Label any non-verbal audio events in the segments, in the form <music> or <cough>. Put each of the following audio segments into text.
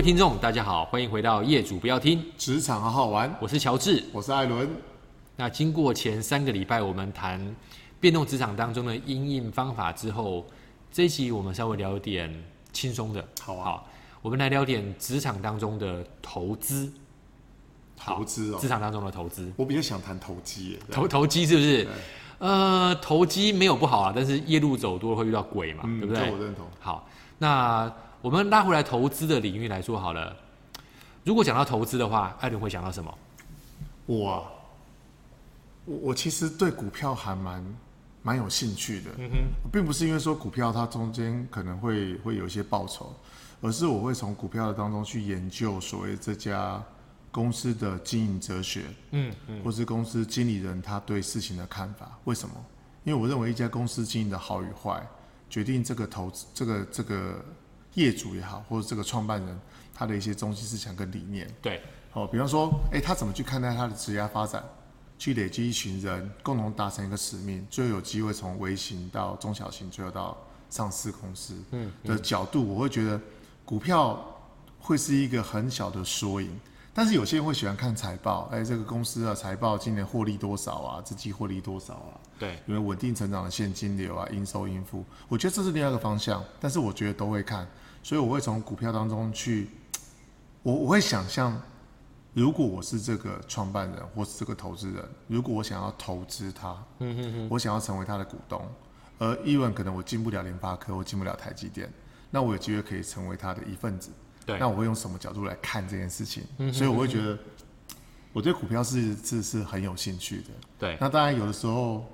各位聽眾大家好，歡迎回到《業主不要聽職場好好玩》，我是喬治，我是艾倫。那經過前三個禮拜，我們談變動職場當中的因應方法之後，這一集我們稍微聊一點輕鬆的。好啊，好，我們來聊點職場當中的投資。投資哦，職場當中的投資，我比較想談投機。投投機是不是？對，呃，投機沒有不好啊，但是夜路走多會遇到鬼嘛，嗯，對不對？對，我認同。好，那。我們拉回來投資的領域來說好了。如果講到投資的話，艾倫會想到什麼？我，我我其實對股票還蠻蠻有興趣的。嗯哼，並不是因為說股票它中間可能會會有一些報酬，而是我會從股票的當中去研究所謂這家公司的經營哲學。嗯，嗯，或是公司經理人他對事情的看法。為什麼？因為我認為一家公司經營的好與壞，決定這個投資這個這個。這個業主也好，或者這個創辦人他的一些中心思想跟理念，對，好、哦，比方說，哎、欸，他怎麼去看待他的職業發展，去累積一群人，共同達成一個使命，最後有機會從微型到中小型，最後到上市公司，嗯，的角度，我會覺得股票會是一個很小的縮影。但是有些人會喜歡看財報，哎、欸，這個公司啊，財報今年獲利多少啊，這季獲利多少啊？對，因為穩定成長的現金流啊，應收應付，我覺得這是另外一個方向。但是我覺得都會看，所以我會從股票當中去，我我會想象，如果我是這個創辦人，或是這個投資人，如果我想要投資他， <laughs> 我想要成為他的股東，而 Even 可能我進不了聯發科，我進不了台積電，那我有機會可以成為他的一份子。對，那我會用什麼角度來看這件事情？嗯哼嗯哼，所以我會覺得，我對股票是是是很有興趣的。對，那當然有的時候，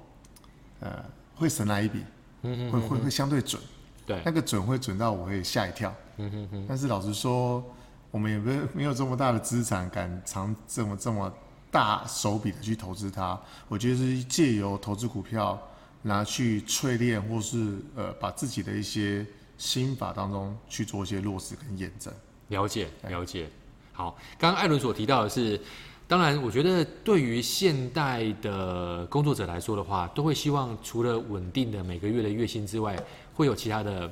呃、會神來一筆，嗯嗯，會會會相對準。對，那個準會準到我會嚇一跳。嗯哼嗯哼，但是老實說，我們也沒沒有這麼大的資產敢藏這麼這麼大手筆的去投資它。我覺得是借由投資股票拿去淬煉，或是呃，把自己的一些。心法當中去做一些落實跟驗證，了解了解。好，剛剛艾倫所提到的是，當然我覺得對於現代的工作者來說的話，都會希望除了穩定的每個月的月薪之外，會有其他的。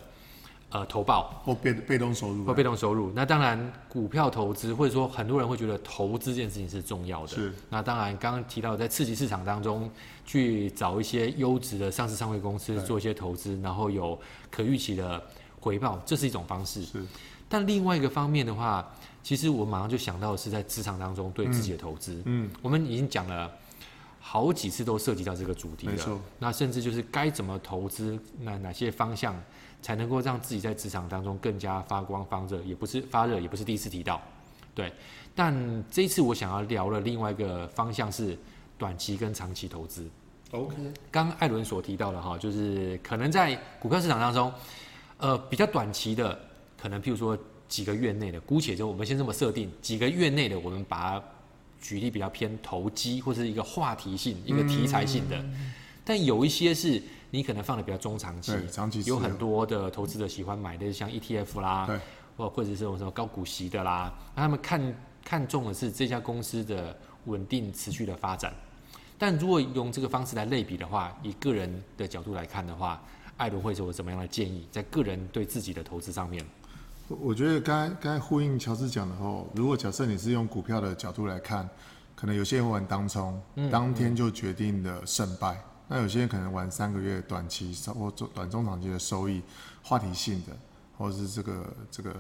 呃，投報或被被動收入、啊、或被動收入，那當然股票投資或者說很多人會覺得投資這件事情是重要的。是，那當然剛剛提到在刺激市場當中去找一些優質的上市上櫃公司做一些投資，對然後有可預期的回報，這是一種方式。是，但另外一個方面的話，其實我馬上就想到的是在職場當中對自己的投資。嗯，嗯我們已經講了好幾次都涉及到這個主題了。錯那甚至就是該怎麼投資，那哪些方向？才能夠讓自己在職場當中更加發光發熱，也不是發熱，也不是第一次提到，對。但這一次我想要聊的另外一個方向是短期跟長期投資。OK，oh. 剛艾倫所提到的哈，就是可能在股票市場當中，呃，比較短期的，可能譬如說幾個月內的，姑且就我們先這麼設定。幾個月內的，我們把它舉例比較偏投機或是一個話題性、一個題材性的，mm hmm. 但有一些是。你可能放的比較中長期，對，長期有很多的投資者喜歡買的像 ETF 啦，對，或或者是什麼高股息的啦，他們看看中的是這家公司的穩定持續的發展。但如果用這個方式來類比的話，以個人的角度來看的話，艾倫會是我怎麼樣的建議在個人對自己的投資上面？我我覺得剛剛呼應喬治講的哦，如果假設你是用股票的角度來看，可能有些人會很當沖，當天就決定了勝敗。嗯嗯那有些人可能玩三個月短期，或短中長期的收益，話題性的，或者是這個這個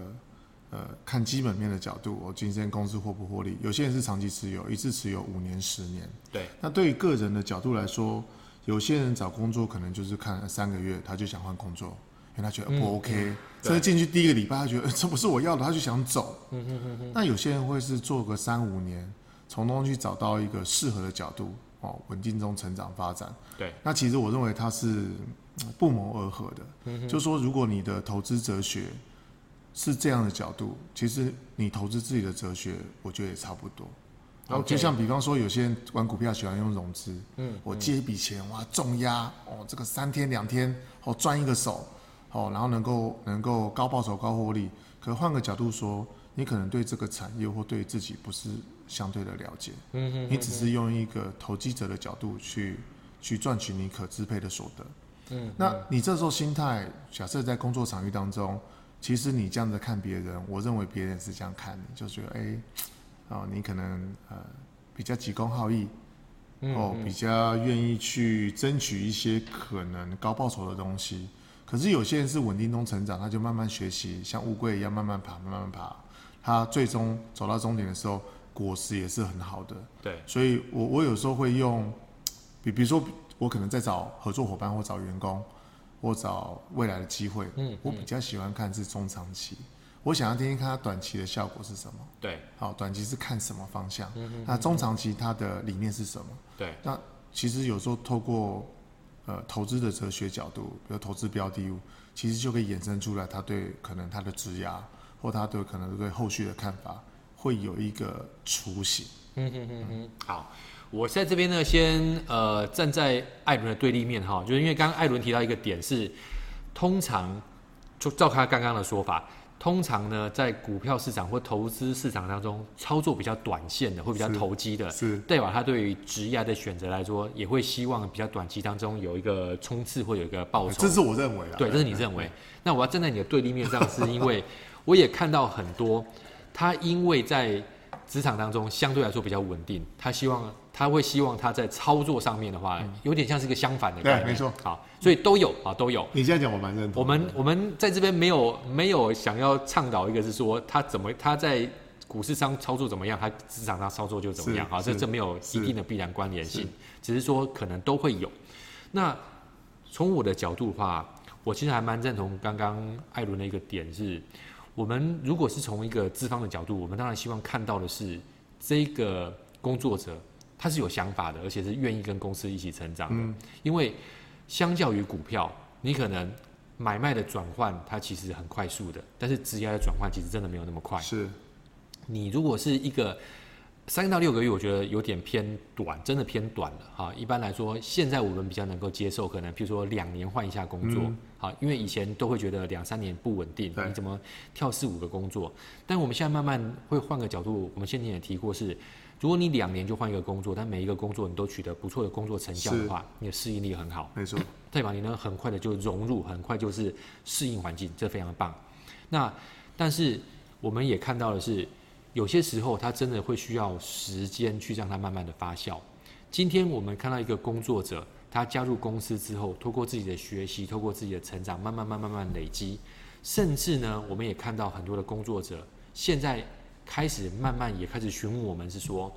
呃看基本面的角度，我今天公司獲不獲利？有些人是長期持有，一次持有五年、十年。對。那對於個人的角度來說，有些人找工作可能就是看了三個月，他就想換工作，因為他覺得不 OK，嗯。所，嗯、以進去第一個禮拜，他覺得對這不是我要的，他就想走。嗯嗯嗯嗯。嗯嗯，那有些人會是做個三五年，從中去找到一個適合的角度。哦，穩定中成長發展。對，那其實我認為它是不謀而合的。嗯、哼就是說如果你的投資哲學是這樣的角度，其實你投資自己的哲學，我覺得也差不多。Okay 然後就像比方說，有些人玩股票喜歡用融資，嗯、我借一筆錢，哇，重壓，哦，這個三天兩天，哦，賺一個手，哦，然後能夠能夠高報酬高獲利。可換個角度說。你可能對這個產業或對自己不是相對的了解，你只是用一個投機者的角度去去賺取你可支配的所得。那你這時候心態，假設在工作場域當中，其實你這樣子看別人，我認為別人是這樣看你，就覺得哎、哦，你可能、呃、比較急功好義，哦，比較願意去爭取一些可能高報酬的東西。可是有些人是穩定中成長，他就慢慢學習，像烏龜一樣慢慢爬，慢慢爬。他最終走到終點的時候，果實也是很好的。對，所以我我有時候會用，比比如說我可能在找合作夥伴或找員工，或找未來的機會。嗯，嗯我比較喜歡看是中長期。我想要聽聽看它短期的效果是什麼？對，好、哦，短期是看什麼方向？嗯嗯嗯、那中長期它的理念是什麼？對，那其實有時候透過、呃、投資的哲學角度，比如投資標的物，其實就可以衍生出來它對可能它的質押。或他對可能對後續的看法會有一個雛形。嗯嗯嗯哼,哼,哼，好，我在這邊呢，先呃站在艾倫的對立面哈、哦，就是因為剛剛艾倫提到一個點是，通常就照他剛剛的說法，通常呢在股票市場或投資市場當中，操作比較短線的，會比較投機的，是,是代表他對於職業的選擇來說，也會希望比較短期當中有一個衝刺或有一個報酬。這是我認為的、啊，對，這是你認為。 <laughs> 那我要站在你的對立面上，是因為。 <laughs> 我也看到很多，他因為在職場當中相對來說比較穩定，他希望他會希望他在操作上面的話，嗯、有點像是一個相反的概念，對沒錯，嗯、好，所以都有啊，嗯、都有。你現在講我蠻認同。我們我們在這邊沒有沒有想要倡導一個是說他怎麼他在股市上操作怎麼樣，他職場上操作就怎麼樣，好，這這沒有一定的必然關聯性，是是只是說可能都會有。那從我的角度的話，我其實還蠻認同剛剛艾倫的一個點是。我們如果是從一個資方的角度，我們當然希望看到的是，這個工作者他是有想法的，而且是願意跟公司一起成長的。嗯，因為相較於股票，你可能買賣的轉換它其實很快速的，但是職業的轉換其實真的沒有那麼快。是，你如果是一個。三到六個月，我覺得有點偏短，真的偏短了哈。一般來說，現在我們比較能夠接受，可能譬如說兩年換一下工作，嗯、好，因為以前都會覺得兩三年不穩定，對你怎麼跳四五個工作？但我們現在慢慢會換個角度，我們先前也提過是，如果你兩年就換一個工作，但每一個工作你都取得不錯的工作成效的話，是你的適應力很好，沒錯，嗯、對吧，你能很快的就融入，很快就是適應環境，這非常的棒。那但是我們也看到的是。有些時候，他真的會需要時間去讓他慢慢的發酵。今天我們看到一個工作者，他加入公司之後，透過自己的學習，透過自己的成長，慢慢、慢、慢、慢慢累積。甚至呢，我們也看到很多的工作者，現在開始慢慢也開始詢問我們，是說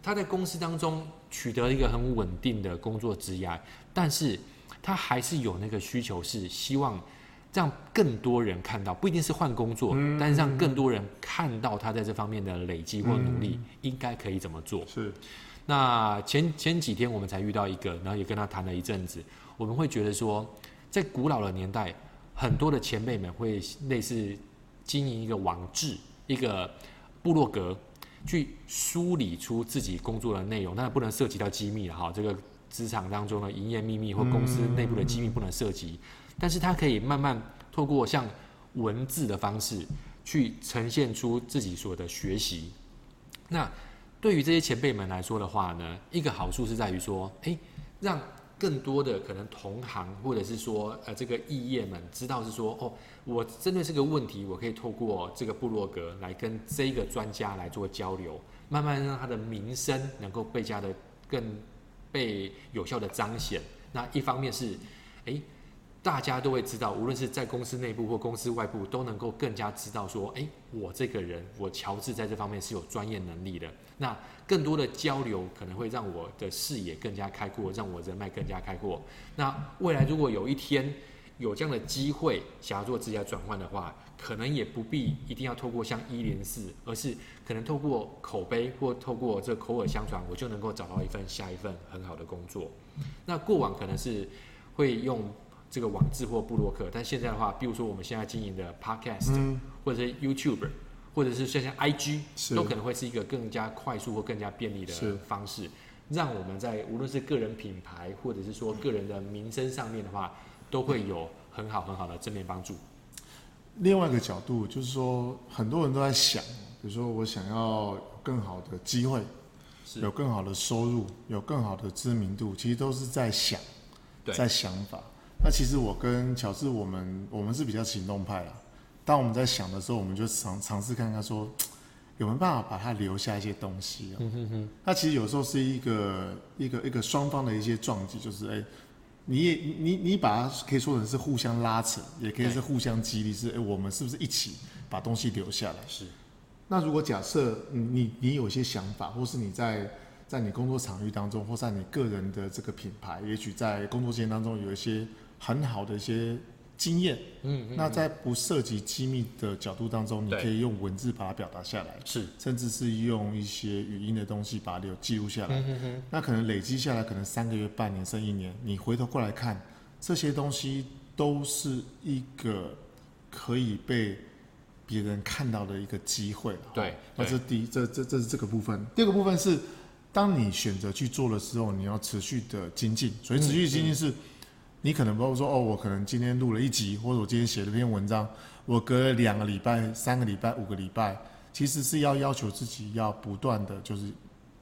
他在公司當中取得了一個很穩定的工作職涯，但是他還是有那個需求，是希望。讓更多人看到，不一定是換工作，嗯、但是讓更多人看到他在這方面的累積或努力，嗯、應該可以怎麼做？是。那前前幾天我們才遇到一個，然後也跟他談了一陣子，我們會覺得說，在古老的年代，很多的前輩們會類似經營一個網誌、一個部落格，去梳理出自己工作的內容，但不能涉及到機密了哈。這個職場當中的營業秘密或公司內部的機密不能涉及。嗯但是他可以慢慢透過像文字的方式去呈現出自己所的學習。那對於這些前輩們來說的話呢，一個好處是在於說，哎，讓更多的可能同行或者是說，呃，這個異業們知道是說，哦，我針對這個問題，我可以透過這個部落格來跟這個專家來做交流，慢慢讓他的名聲能夠倍加的更被有效的彰顯。那一方面是，誒。大家都會知道，無論是在公司內部或公司外部，都能夠更加知道說，哎，我這個人，我喬治在這方面是有專業能力的。那更多的交流可能會讓我的視野更加開闊，讓我人脈更加開闊。那未來如果有一天有這樣的機會，想要做職業轉換的話，可能也不必一定要透過像104，而是可能透過口碑或透過這口耳相傳，我就能夠找到一份下一份很好的工作。那過往可能是會用。這個網誌或部落客，但現在的話，比如說我們現在經營的 Podcast，、嗯、或者是 YouTube，或者是像像 IG，是都可能會是一個更加快速或更加便利的方式，是讓我們在無論是個人品牌或者是說個人的名聲上面的話，都會有很好很好的正面幫助。另外一個角度就是說，很多人都在想，比如說我想要更好的機會，是有更好的收入，有更好的知名度，其實都是在想，對在想法。那其實我跟喬治，我們我們是比較行動派啦。當我們在想的時候，我們就嘗嘗試看看說，有沒有辦法把它留下一些東西嗯哼哼。它 <laughs> 其實有時候是一個一個一個雙方的一些撞擊，就是哎、欸，你也你你把它可以說成是互相拉扯，也可以是互相激勵，是哎對、欸，我們是不是一起把東西留下來？是。那如果假設、嗯、你你有些想法，或是你在在你工作場域當中，或是在你個人的這個品牌，也許在工作時間當中有一些。很好的一些經驗，嗯，嗯，那在不涉及機密的角度當中，對你可以用文字把它表達下來，是，甚至是用一些語音的東西把它有記錄下來，嗯哼，嗯嗯，那可能累積下來，可能三個月、半年甚至一年，你回頭過來看，這些東西都是一個可以被別人看到的一個機會，對，對，那這第一這這這是這個部分。第二個部分是，當你選擇去做的時候，你要持續的精進，所以持續的精進是。嗯嗯你可能不會說哦，我可能今天錄了一集，或者我今天寫了篇文章，我隔了兩個禮拜、三個禮拜、五個禮拜，其實是要要求自己要不斷的，就是，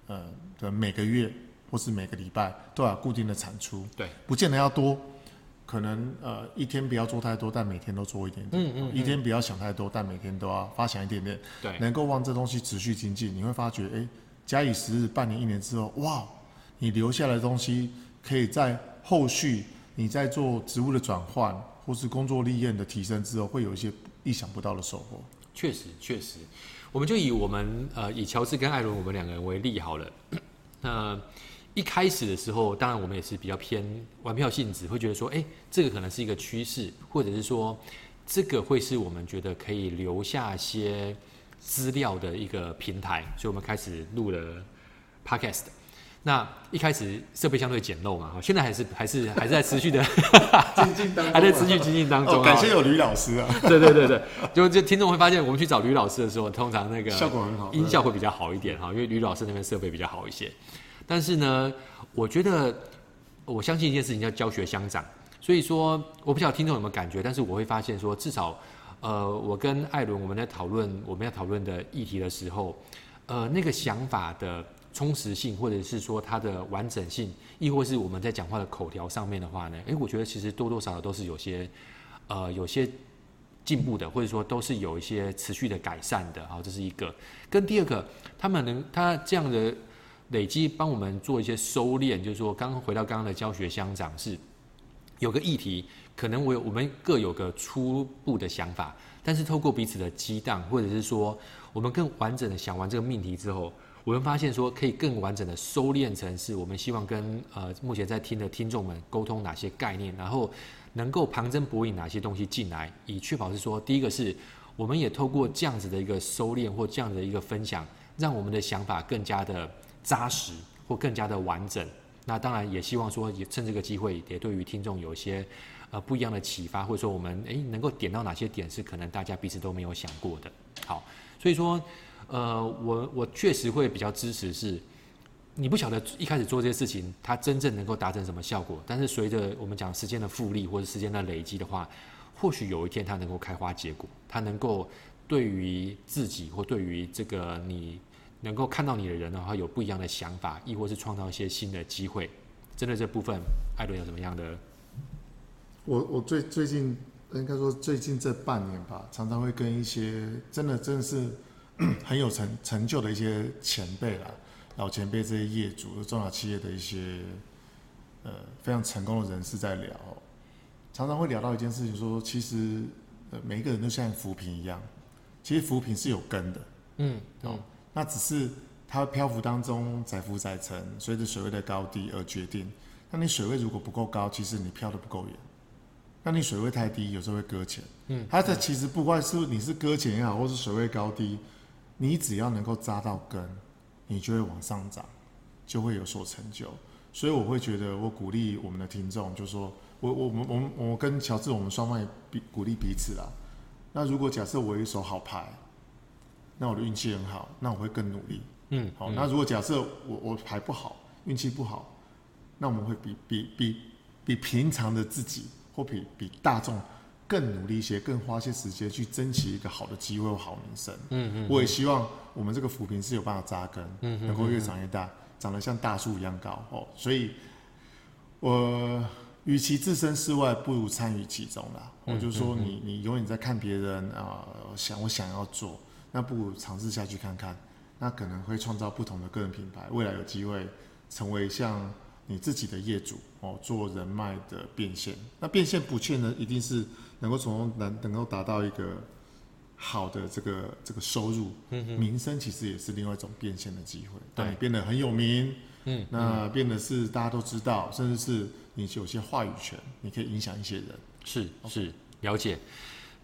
呃，的每個月或是每個禮拜都要固定的產出，對，不見得要多，可能呃一天不要做太多，但每天都做一點點，嗯，嗯嗯，一天不要想太多，但每天都要發想一點點，對，能夠讓這東西持續精進，你會發覺，哎、欸，假以時日，半年、一年之後，哇，你留下來的東西可以在後續。你在做職務的轉換，或是工作歷練的提升之後，會有一些意想不到的收穫。確實，確實，我們就以我們呃以喬治跟艾倫我們兩個人為例好了。 <coughs> 那一開始的時候，當然我們也是比較偏玩票性質，會覺得說，哎，這個可能是一個趨勢，或者是說，這個會是我們覺得可以留下些資料的一個平台，所以我們開始錄了 podcast。那一開始設備相對簡陋嘛，哈，現在還是還是還在持續的精進當中，還在持續精進當中、啊哦。感謝有呂老師啊，對 <laughs> 對對對，就就聽眾會發現，我們去找呂老師的時候，通常那個效果很好，音效會比較好一點哈，因為呂老師那邊設備比較好一些。但是呢，我覺得我相信一件事情叫教學相長，所以說我不曉得聽眾有沒有感覺，但是我會發現說，至少呃，我跟艾倫我們在討論我們要討論的議題的時候，呃，那個想法的。充實性，或者是說它的完整性，亦或是我們在講話的口條上面的話呢，哎，我覺得其實多多少少都是有些，呃，有些進步的，或者說都是有一些持續的改善的啊、哦。這是一個，跟第二個，他們能他這樣的累積，幫我們做一些收斂。就是說，剛回到剛剛的教學鄉長是有個議題，可能我我們各有個初步的想法，但是透過彼此的激盪，或者是說我們更完整的想完這個命題之後。我們發現說，可以更完整的收斂成是我們希望跟呃目前在聽的聽眾們溝通哪些概念，然後能夠旁徵博引哪些東西進來，以確保是說，第一個是我們也透過這樣子的一個收斂或這樣子的一個分享，讓我們的想法更加的扎實或更加的完整。那當然也希望說，也趁這個機會也對於聽眾有一些呃不一樣的啟發，或者說我們誒能夠點到哪些點是可能大家彼此都沒有想過的。好，所以說。呃，我我確實會比較支持是，你不曉得一開始做這些事情，它真正能夠達成什麼效果。但是隨着我們講時間的複利或者時間的累積的話，或許有一天它能夠開花結果，它能夠對於自己或對於這個你能夠看到你的人的話，有不一樣的想法，亦或是創造一些新的機會。針對這部分，艾倫有什麼樣的？我我最最近應該說最近這半年吧，常常會跟一些真的真的是。很有成成就的一些前輩啦，老前輩這些業主、中小企業的一些，呃，非常成功的人士在聊，常常會聊到一件事情說，說其實，呃、每一個人都像浮萍一樣，其實浮萍是有根的，嗯，嗯、哦，那只是它漂浮當中載浮載沉，隨着水位的高低而決定。那你水位如果不夠高，其實你漂得不夠遠，那你水位太低，有時候會擱淺。嗯，它的其實不管是你是擱淺也好，或是水位高低，你只要能夠扎到根，你就會往上漲，就會有所成就。所以我會覺得，我鼓勵我們的聽眾，就是說，我我我我我跟喬治，我們雙方也鼓鼓勵彼此啦。那如果假設我有一手好牌，那我的運氣很好，那我會更努力。嗯，嗯好。那如果假設我我牌不好，運氣不好，那我們會比比比比平常的自己，或比比大眾，更努力一些，更花些時間去爭取一個好的機會和好名聲。嗯嗯嗯，我也希望我們這個扶貧是有辦法扎根，嗯嗯嗯嗯，能夠越長越大，長得像大樹一樣高哦。所以，我與其置身事外，不如參與其中啦。嗯嗯嗯，我就說你，你你永遠在看別人啊，呃，想我想要做，那不如嘗試下去看看，那可能會創造不同的個人品牌，未來有機會成為像，你自己的業主哦，做人脈的變現，那變現不缺呢，一定是能夠從中能、能夠達到一個好的這個這個收入，嗯嗯，名聲其實也是另外一種變現的機會，對，變得很有名，嗯對，那變得是大家都知道，嗯嗯，甚至是你有些話語權，你可以影響一些人，是，是了解。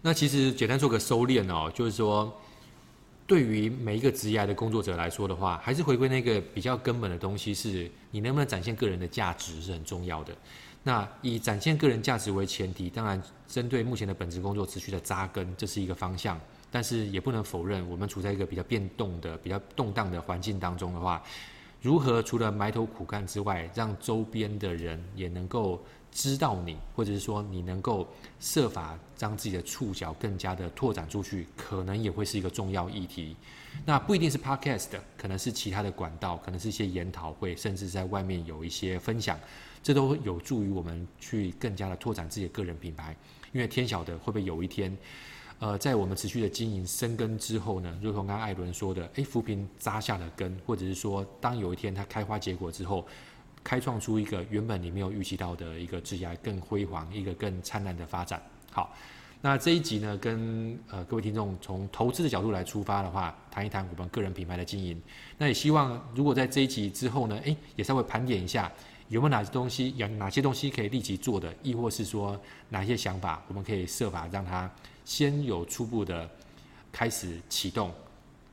那其實簡單做個收斂哦，就是說。對於每一個職業的工作者來說的話，還是回歸那個比較根本的東西，是你能不能展現個人的價值是很重要的。那以展現個人價值為前提，當然針對目前的本職工作持續的扎根，這是一個方向。但是也不能否認，我們處在一個比較變動的、比較動盪的環境當中的話，如何除了埋頭苦幹之外，讓周邊的人也能夠。知道你，或者是說你能夠設法將自己的觸角更加的拓展出去，可能也會是一個重要議題。那不一定是 podcast，可能是其他的管道，可能是一些研討會，甚至在外面有一些分享，這都有助於我們去更加的拓展自己的個人品牌。因為天曉得會不會有一天，呃，在我們持續的經營生根之後呢，如同剛艾倫說的，誒，浮萍扎下了根，或者是說，當有一天它開花結果之後。開創出一個原本你沒有預期到的一個更加更輝煌、一個更燦爛的發展。好，那這一集呢，跟呃各位聽眾從投資的角度來出發的話，談一談我們個人品牌的經營。那也希望，如果在這一集之後呢，誒也稍微盤點一下有沒有哪些東西，有哪些東西可以立即做的，亦或是說哪些想法，我們可以設法讓它先有初步的開始啟動，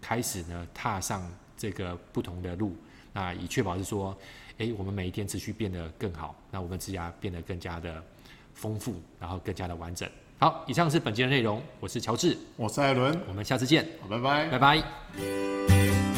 開始呢踏上這個不同的路，那以確保是說。哎，我們每一天持續變得更好，那我們職涯變得更加的豐富，然後更加的完整。好，以上是本節的內容。我是喬治，我是艾倫，我們下次見。拜拜，拜拜。